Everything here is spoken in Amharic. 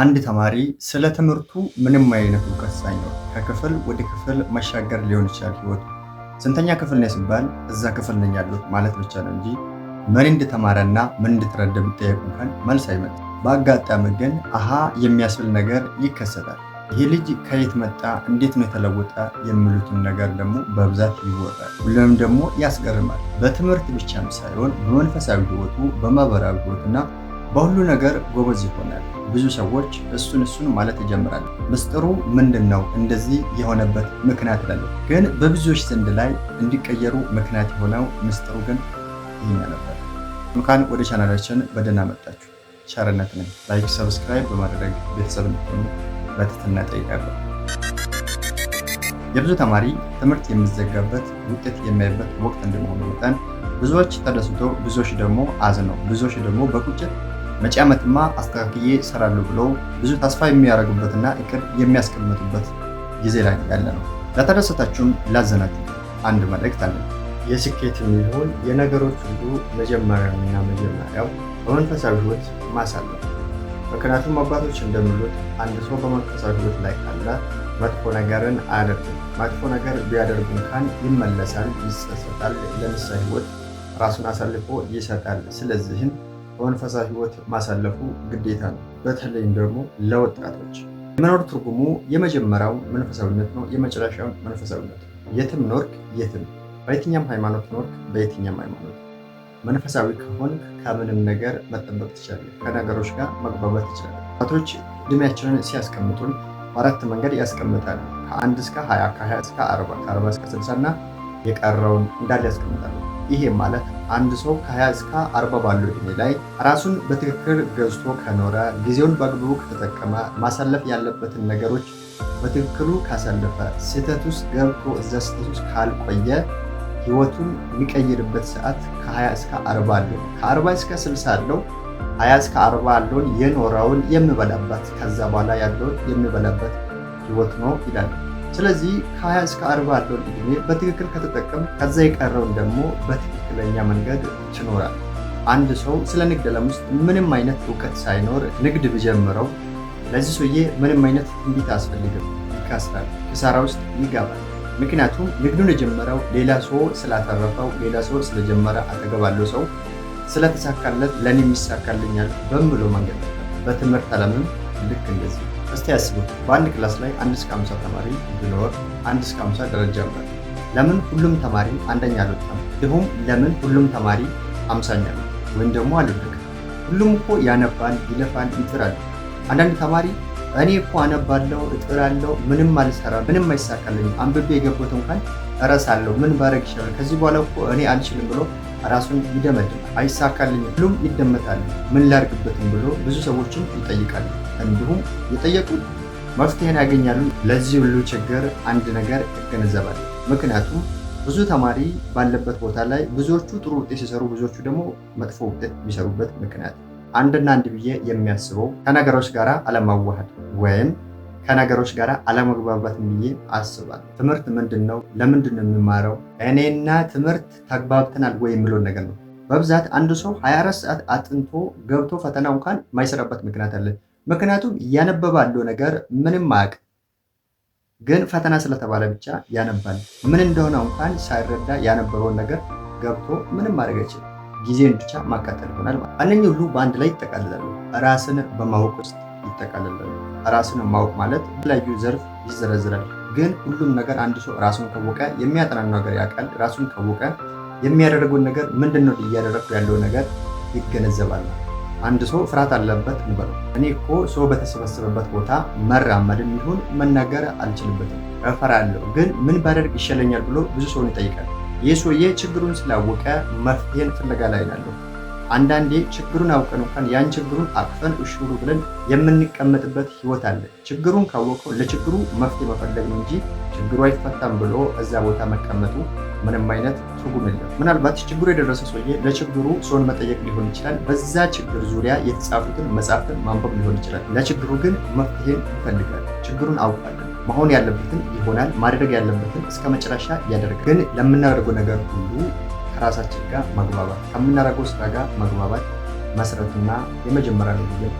አንድ ተማሪ ስለ ትምህርቱ ምንም አይነት እውቀት ሳይኖር ከክፍል ወደ ክፍል መሻገር ሊሆን ይችላል ህይወቱ። ስንተኛ ክፍል ነው ሲባል እዛ ክፍል ነኝ ያለሁት ማለት ብቻ ነው እንጂ ምን እንደተማረና ምን እንደተረዳ ቢጠየቅ እንኳን መልስ አይመጣም። በአጋጣሚ ግን አሃ የሚያስብል ነገር ይከሰታል። ይሄ ልጅ ከየት መጣ፣ እንዴት ነው የተለወጠ የሚሉትን ነገር ደግሞ በብዛት ይወራል። ሁሉንም ደግሞ ያስገርማል። በትምህርት ብቻም ሳይሆን በመንፈሳዊ ህይወቱ፣ በማህበራዊ ህይወትና በሁሉ ነገር ጎበዝ ይሆናል። ብዙ ሰዎች እሱን እሱን ማለት ይጀምራሉ። ምስጢሩ ምንድን ነው? እንደዚህ የሆነበት ምክንያት ላለ ግን በብዙዎች ዘንድ ላይ እንዲቀየሩ ምክንያት የሆነው ምስጢሩ ግን ይህኛ ነበር። እንኳን ወደ ቻናላችን በደህና መጣችሁ። ቸርነት ነኝ። ላይክ፣ ሰብስክራይብ በማድረግ ቤተሰብ እንድትሆኑ በትህትና እጠይቃለሁ። የብዙ ተማሪ ትምህርት የሚዘጋበት ውጤት የሚያይበት ወቅት እንደመሆኑ መጠን ብዙዎች ተደስቶ፣ ብዙዎች ደግሞ አዝነው፣ ብዙዎች ደግሞ በቁጭት መጪ ዓመትማ አስተካክዬ እሰራለሁ ብለው ብዙ ተስፋ የሚያደርጉበትና እቅድ የሚያስቀምጡበት ጊዜ ላይ ያለ ነው። ለተደሰታችሁም ላዘናችሁ አንድ መልእክት አለን። የስኬት የሚሆን የነገሮች ሁሉ መጀመሪያውና መጀመሪያው በመንፈሳዊ ህይወት ማሳለፍ። ምክንያቱም አባቶች እንደሚሉት አንድ ሰው በመንፈሳዊ ህይወት ላይ ካለ መጥፎ ነገርን አያደርግም። መጥፎ ነገር ቢያደርግ እንኳን ይመለሳል፣ ይጸጸታል፣ ለንስሐ ህይወት ራሱን አሳልፎ ይሰጣል። ስለዚህም በመንፈሳዊ ህይወት ማሳለፉ ግዴታ ነው። በተለይም ደግሞ ለወጣቶች የመኖር ትርጉሙ የመጀመሪያው መንፈሳዊነት ነው፣ የመጨረሻው መንፈሳዊነት ነው። የትም ኖርክ፣ የትም በየትኛም ሃይማኖት ኖርክ፣ በየትኛም ሃይማኖት መንፈሳዊ ከሆን ከምንም ነገር መጠበቅ ትችላለህ። ከነገሮች ጋር መግባባት ትችላለህ። ወጣቶች እድሜያችንን ሲያስቀምጡን በአራት መንገድ ያስቀምጣል። ከአንድ እስከ ሀያ ከሀያ እስከ አርባ ከአርባ እስከ ስልሳ እና የቀረውን እንዳለ ያስቀምጣል። ይሄ ማለት አንድ ሰው ከ20 እስከ 40 ባለው እድሜ ላይ ራሱን በትክክል ገዝቶ ከኖረ፣ ጊዜውን በአግባቡ ከተጠቀመ፣ ማሳለፍ ያለበትን ነገሮች በትክክሉ ካሳለፈ፣ ስህተት ውስጥ ገብቶ እዛ ስህተት ውስጥ ካልቆየ ህይወቱን የሚቀይርበት ሰዓት ከ20 እስከ 40 አለው። ከ40 እስከ 60 አለው። 20 እስከ 40 አለውን የኖረውን የምበላበት ከዛ በኋላ ያለውን የምበላበት ህይወት ነው ይላል። ስለዚህ ከ20 እስከ 40 ያለውን እድሜ በትክክል ከተጠቀም ከዛ የቀረውን ደግሞ በትክክለኛ መንገድ ትኖራል። አንድ ሰው ስለ ንግድ ዓለም ውስጥ ምንም አይነት እውቀት ሳይኖር ንግድ ብጀምረው ለዚህ ሰውዬ ምንም አይነት ትንቢት አስፈልግም። ይካስራል፣ ኪሳራ ውስጥ ይገባል። ምክንያቱም ንግዱን የጀመረው ሌላ ሰው ስላተረፈው፣ ሌላ ሰው ስለጀመረ አጠገባለው ሰው ስለተሳካለት ለእኔ የሚሳካልኛል በምሎ መንገድ በትምህርት ዓለምም ልክ እንደዚህ እስቲ ያስቡት በአንድ ክላስ ላይ አንድ እስከ ሃምሳ ተማሪ ቢኖር አንድ እስከ ሃምሳ ደረጃ ይሆናል። ለምን ሁሉም ተማሪ አንደኛ አልወጣም? እንዲሁም ለምን ሁሉም ተማሪ አምሳኛ ነው ወይም ደግሞ አልወደቀም? ሁሉም እኮ ያነባል፣ ይለፋል፣ ይጥራል። አንዳንድ ተማሪ እኔ እኮ አነባለሁ፣ እጥራለሁ፣ ምንም አልሰራም፣ ምንም አይሳካልኝ አንብቤ የገባሁት እንኳን እረሳለሁ፣ ምን ባረግ ይችላል፣ ከዚህ በኋላ እኮ እኔ አልችልም ብሎ ራሱን ይደመድም አይሳካልኝ ብሎም ይደመጣል፣ ምን ላርግበትም ብሎ ብዙ ሰዎችን ይጠይቃል። እንዲሁም የጠየቁት መፍትሄን ያገኛሉ። ለዚህ ሁሉ ችግር አንድ ነገር ይገነዘባል። ምክንያቱም ብዙ ተማሪ ባለበት ቦታ ላይ ብዙዎቹ ጥሩ ውጤት ሲሰሩ፣ ብዙዎቹ ደግሞ መጥፎ ውጤት የሚሰሩበት ምክንያት አንድና አንድ ብዬ የሚያስበው ከነገሮች ጋር አለማዋሃድ ወይም ከነገሮች ጋር አለመግባባት ብዬ አስባል። ትምህርት ምንድን ነው? ለምንድን ነው የሚማረው? እኔና ትምህርት ተግባብተናል ወይ የምለውን ነገር ነው። በብዛት አንድ ሰው 24 ሰዓት አጥንቶ ገብቶ ፈተና እንኳን የማይሰራበት ምክንያት አለ። ምክንያቱም እያነበበ ነገር ምንም አያውቅ፣ ግን ፈተና ስለተባለ ብቻ ያነባል። ምን እንደሆነ እንኳን ሳይረዳ ያነበበውን ነገር ገብቶ ምንም ማድረግ አይችልም። ጊዜን ብቻ ማቃጠል ይሆናል። እነኚህ ሁሉ በአንድ ላይ ይጠቃልላሉ ራስን በማወቅ ውስጥ ይጠቃልላል። ራስን ማወቅ ማለት የተለያዩ ዘርፍ ይዘረዝራል። ግን ሁሉም ነገር አንድ ሰው ራሱን ካወቀ የሚያጠናው ነገር ያውቃል። ራሱን ካወቀ የሚያደርገውን ነገር ምንድን ነው እያደረግኩ ያለው ነገር ይገነዘባል። አንድ ሰው ፍርሃት አለበት እንበለው። እኔ እኮ ሰው በተሰበሰበበት ቦታ መራመድ የሚሆን መናገር አልችልበትም፣ እፈራለሁ፣ ግን ምን ባደርግ ይሻለኛል ብሎ ብዙ ሰውን ይጠይቃል። ይህ ሰውዬ ችግሩን ስላወቀ መፍትሄን ፍለጋ ላይ ናለሁ። አንዳንዴ ችግሩን አውቀን እንኳን ያን ችግሩን አቅፈን እሹሩ ብለን የምንቀመጥበት ህይወት አለ። ችግሩን ካወቀው ለችግሩ መፍትሄ መፈለግ ነው እንጂ ችግሩ አይፈታም ብሎ እዛ ቦታ መቀመጡ ምንም አይነት ትርጉም የለም። ምናልባት ችግሩ የደረሰ ሰውዬ ለችግሩ ሰውን መጠየቅ ሊሆን ይችላል። በዛ ችግር ዙሪያ የተጻፉትን መጽሐፍትን ማንበብ ሊሆን ይችላል። ለችግሩ ግን መፍትሄን ይፈልጋል። ችግሩን አውቃለን፣ መሆን ያለበትን ይሆናል፣ ማድረግ ያለበትን እስከ መጨረሻ ያደርጋል። ግን ለምናደርገው ነገር ሁሉ ከራሳችን ጋር መግባባት ከምናደርገው ስራ ጋር መግባባት መስረትና የመጀመሪያ ነው ብዬ